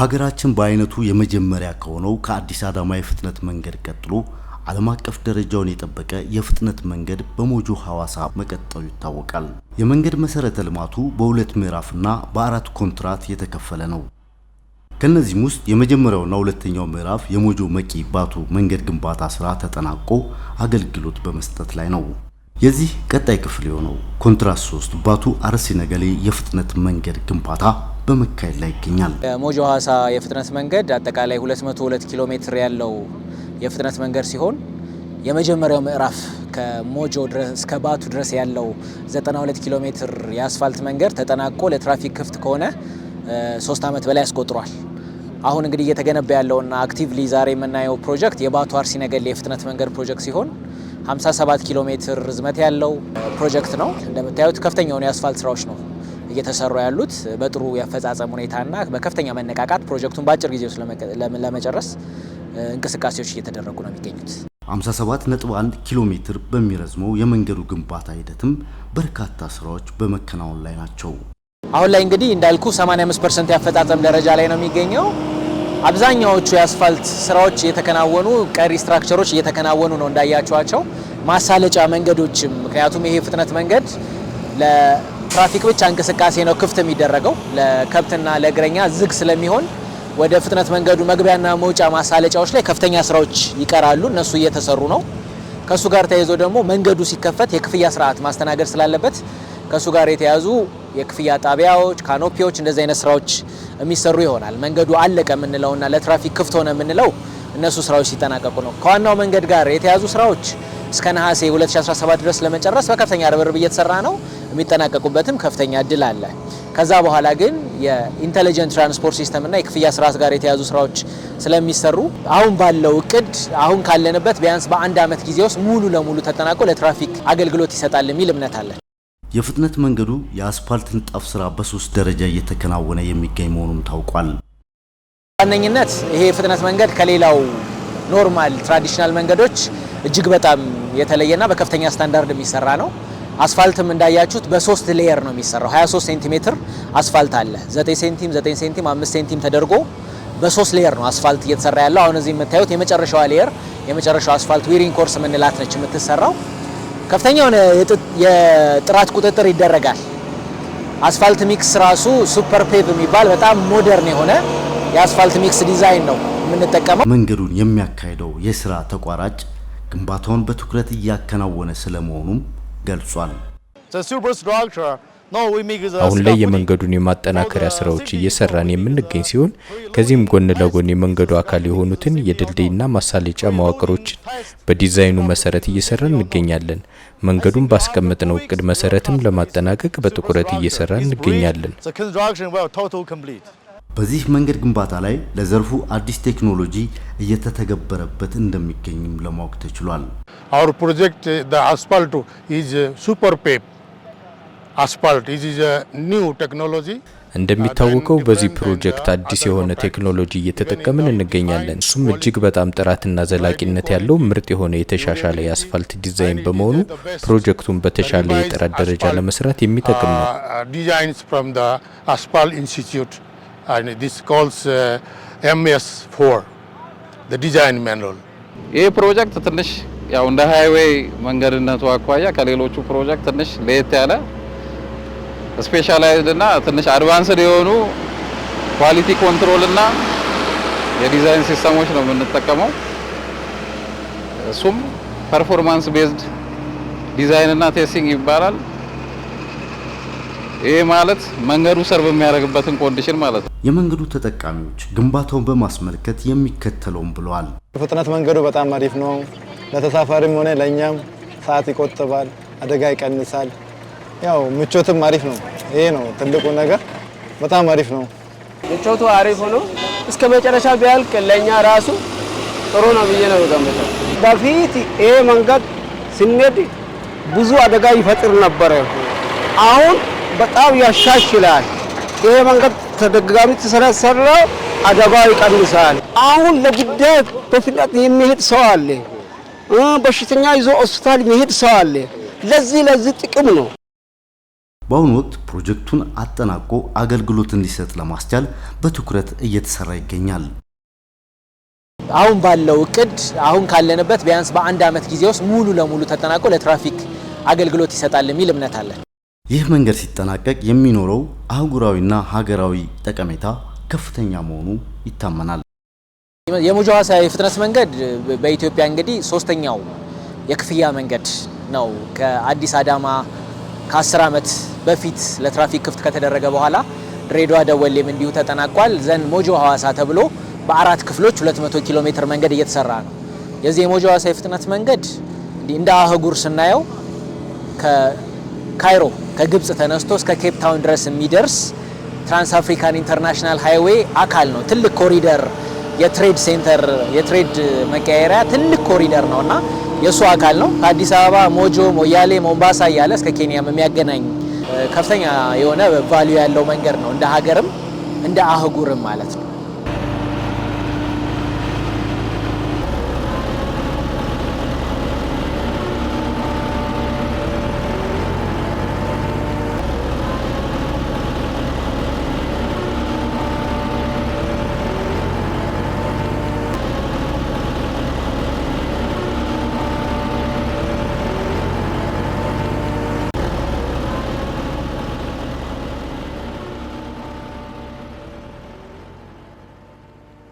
በሀገራችን በአይነቱ የመጀመሪያ ከሆነው ከአዲስ አዳማ የፍጥነት መንገድ ቀጥሎ ዓለም አቀፍ ደረጃውን የጠበቀ የፍጥነት መንገድ በሞጆ ሐዋሳ መቀጠሉ ይታወቃል። የመንገድ መሠረተ ልማቱ በሁለት ምዕራፍና በአራት ኮንትራት የተከፈለ ነው። ከእነዚህም ውስጥ የመጀመሪያውና ሁለተኛው ምዕራፍ የሞጆ መቂ ባቱ መንገድ ግንባታ ስራ ተጠናቆ አገልግሎት በመስጠት ላይ ነው። የዚህ ቀጣይ ክፍል የሆነው ኮንትራት 3 ባቱ አርሲ ነገሌ የፍጥነት መንገድ ግንባታ በመካሄድ ላይ ይገኛል። ሞጆ ሀዋሳ የፍጥነት መንገድ አጠቃላይ 202 ኪሎ ሜትር ያለው የፍጥነት መንገድ ሲሆን የመጀመሪያው ምዕራፍ ከሞጆ እስከ ባቱ ድረስ ያለው 92 ኪሎ ሜትር የአስፋልት መንገድ ተጠናቆ ለትራፊክ ክፍት ከሆነ ሶስት ዓመት በላይ አስቆጥሯል። አሁን እንግዲህ እየተገነባ ያለውና አክቲቭሊ ዛሬ የምናየው ፕሮጀክት የባቱ አርሲ ነገሌ የፍጥነት መንገድ ፕሮጀክት ሲሆን 57 ኪሎ ሜትር ርዝመት ያለው ፕሮጀክት ነው። እንደምታዩት የሆኑ የአስፋልት ስራዎች ነው እየተሰሩ ያሉት በጥሩ የአፈጻጸም ሁኔታና በከፍተኛ መነቃቃት ፕሮጀክቱን በአጭር ጊዜ ውስጥ ለመጨረስ እንቅስቃሴዎች እየተደረጉ ነው የሚገኙት። 57.1 ኪሎ ሜትር በሚረዝመው የመንገዱ ግንባታ ሂደትም በርካታ ስራዎች በመከናወን ላይ ናቸው። አሁን ላይ እንግዲህ እንዳልኩ 85 ፐርሰንት የአፈጻጸም ደረጃ ላይ ነው የሚገኘው። አብዛኛዎቹ የአስፋልት ስራዎች እየተከናወኑ ቀሪ ስትራክቸሮች እየተከናወኑ ነው እንዳያቸዋቸው ማሳለጫ መንገዶችም ምክንያቱም ይሄ ፍጥነት መንገድ ትራፊክ ብቻ እንቅስቃሴ ነው ክፍት የሚደረገው ለከብትና ለእግረኛ ዝግ ስለሚሆን ወደ ፍጥነት መንገዱ መግቢያና መውጫ ማሳለጫዎች ላይ ከፍተኛ ስራዎች ይቀራሉ። እነሱ እየተሰሩ ነው። ከእሱ ጋር ተያይዞ ደግሞ መንገዱ ሲከፈት የክፍያ ስርዓት ማስተናገድ ስላለበት ከእሱ ጋር የተያዙ የክፍያ ጣቢያዎች፣ ካኖፒዎች እንደዚህ አይነት ስራዎች የሚሰሩ ይሆናል። መንገዱ አለቀ የምንለውና ለትራፊክ ክፍት ሆነ የምንለው እነሱ ስራዎች ሲጠናቀቁ ነው። ከዋናው መንገድ ጋር የተያዙ ስራዎች እስከ ነሐሴ 2017 ድረስ ለመጨረስ በከፍተኛ ርብርብ እየተሰራ ነው። የሚጠናቀቁበትም ከፍተኛ እድል አለ። ከዛ በኋላ ግን የኢንተሊጀንት ትራንስፖርት ሲስተም እና የክፍያ ስርዓት ጋር የተያዙ ስራዎች ስለሚሰሩ አሁን ባለው እቅድ አሁን ካለንበት ቢያንስ በአንድ ዓመት ጊዜ ውስጥ ሙሉ ለሙሉ ተጠናቆ ለትራፊክ አገልግሎት ይሰጣል የሚል እምነት አለን። የፍጥነት መንገዱ የአስፓልት ንጣፍ ስራ በሶስት ደረጃ እየተከናወነ የሚገኝ መሆኑም ታውቋል። ዋነኝነት ይሄ የፍጥነት መንገድ ከሌላው ኖርማል ትራዲሽናል መንገዶች እጅግ በጣም የተለየና በከፍተኛ ስታንዳርድ የሚሰራ ነው። አስፋልትም እንዳያችሁት በሶስት ሌየር ነው የሚሰራው። 23 ሴንቲሜትር አስፋልት አለ። 9 ሴንቲም፣ 9 ሴንቲም፣ 5 ሴንቲም ተደርጎ በሶስት ሌየር ነው አስፋልት እየተሰራ ያለው። አሁን እዚህ የምታዩት የመጨረሻዋ ሌየር የመጨረሻው አስፋልት ዊሪንግ ኮርስ የምንላት ነች የምትሰራው። ከፍተኛ የሆነ የጥራት ቁጥጥር ይደረጋል። አስፋልት ሚክስ ራሱ ሱፐር ፔቭ የሚባል በጣም ሞደርን የሆነ የአስፋልት ሚክስ ዲዛይን ነው የምንጠቀመው። መንገዱን የሚያካሂደው የስራ ተቋራጭ ግንባታውን በትኩረት እያከናወነ ስለመሆኑም ገልጿል። አሁን ላይ የመንገዱን የማጠናከሪያ ስራዎች እየሰራን የምንገኝ ሲሆን ከዚህም ጎን ለጎን የመንገዱ አካል የሆኑትን የድልድይና ማሳለጫ መዋቅሮችን በዲዛይኑ መሰረት እየሰራን እንገኛለን። መንገዱን ባስቀመጥነው እቅድ መሰረትም ለማጠናቀቅ በትኩረት እየሰራን እንገኛለን። በዚህ መንገድ ግንባታ ላይ ለዘርፉ አዲስ ቴክኖሎጂ እየተተገበረበት እንደሚገኝም ለማወቅ ተችሏል። አወር ፕሮጀክት አስፋልቱ ኢዝ ሱፐር ፔፕ አስፋልት ኢዝ ኒው ቴክኖሎጂ። እንደሚታወቀው በዚህ ፕሮጀክት አዲስ የሆነ ቴክኖሎጂ እየተጠቀምን እንገኛለን። እሱም እጅግ በጣም ጥራትና ዘላቂነት ያለው ምርጥ የሆነ የተሻሻለ የአስፋልት ዲዛይን በመሆኑ ፕሮጀክቱን በተሻለ የጥራት ደረጃ ለመስራት የሚጠቅም ነው። uh, this calls MS four the ዲዛይን ማኑዋል። ይህ ፕሮጀክት ትንሽ ያው እንደ ሃይዌይ መንገድነቱ አኳያ ከሌሎቹ ፕሮጀክት ትንሽ ለየት ያለ ስፔሻላይዝድ እና ትንሽ አድቫንስድ የሆኑ ኳሊቲ ኮንትሮል እና የዲዛይን ሲስተሞች ነው የምንጠቀመው። እሱም ፐርፎርማንስ ቤዝድ ዲዛይን እና ቴስቲንግ ይባላል። ይሄ ማለት መንገዱ ሰርቭ የሚያደርግበትን ኮንዲሽን ማለት ነው። የመንገዱ ተጠቃሚዎች ግንባታውን በማስመልከት የሚከተለውን ብለዋል። የፍጥነት መንገዱ በጣም አሪፍ ነው። ለተሳፋሪም ሆነ ለእኛም ሰዓት ይቆጥባል፣ አደጋ ይቀንሳል፣ ያው ምቾትም አሪፍ ነው። ይሄ ነው ትልቁ ነገር። በጣም አሪፍ ነው። ምቾቱ አሪፍ ሆኖ እስከ መጨረሻ ቢያልቅ ለእኛ ራሱ ጥሩ ነው ብዬ ነው ገምተው። በፊት ይሄ መንገድ ስንሄድ ብዙ አደጋ ይፈጥር ነበረ። አሁን በጣም ያሻሽላል ይሄ መንገድ ተደጋጋሚ ስለሰራ አደጋው ይቀንሳል። አሁን ለጉዳይ በፍጥነት የሚሄድ ሰው አለ፣ በሽተኛ ይዞ ሆስፒታል የሚሄድ ሰው አለ። ለዚህ ለዚህ ጥቅም ነው። በአሁኑ ወቅት ፕሮጀክቱን አጠናቆ አገልግሎት እንዲሰጥ ለማስቻል በትኩረት እየተሰራ ይገኛል። አሁን ባለው እቅድ አሁን ካለንበት ቢያንስ በአንድ ዓመት ጊዜ ውስጥ ሙሉ ለሙሉ ተጠናቆ ለትራፊክ አገልግሎት ይሰጣል የሚል እምነት አለን። ይህ መንገድ ሲጠናቀቅ የሚኖረው አህጉራዊና ሀገራዊ ጠቀሜታ ከፍተኛ መሆኑ ይታመናል። ሀዋሳ የፍጥነት መንገድ በኢትዮጵያ እንግዲህ ሶስተኛው የክፍያ መንገድ ነው። ከአዲስ አዳማ ከ10 ዓመት በፊት ለትራፊክ ክፍት ከተደረገ በኋላ ድሬዳዋ ደወሌም እንዲሁ ተጠናቋል። ዘንድ ሞጆ ሀዋሳ ተብሎ በአራት ክፍሎች 200 ኪሎ ሜትር መንገድ እየተሰራ ነው። የዚህ የሞጆ ሀዋሳ የፍጥነት መንገድ እንደ አህጉር ስናየው ከካይሮ ከግብጽ ተነስቶ እስከ ኬፕ ታውን ድረስ የሚደርስ ትራንስ አፍሪካን ኢንተርናሽናል ሃይዌ አካል ነው። ትልቅ ኮሪደር የትሬድ ሴንተር የትሬድ መቀያየሪያ ትልቅ ኮሪደር ነው እና የእሱ አካል ነው። ከአዲስ አበባ ሞጆ፣ ሞያሌ፣ ሞምባሳ እያለ እስከ ኬንያም የሚያገናኝ ከፍተኛ የሆነ ቫሊዩ ያለው መንገድ ነው እንደ ሀገርም እንደ አህጉርም ማለት ነው።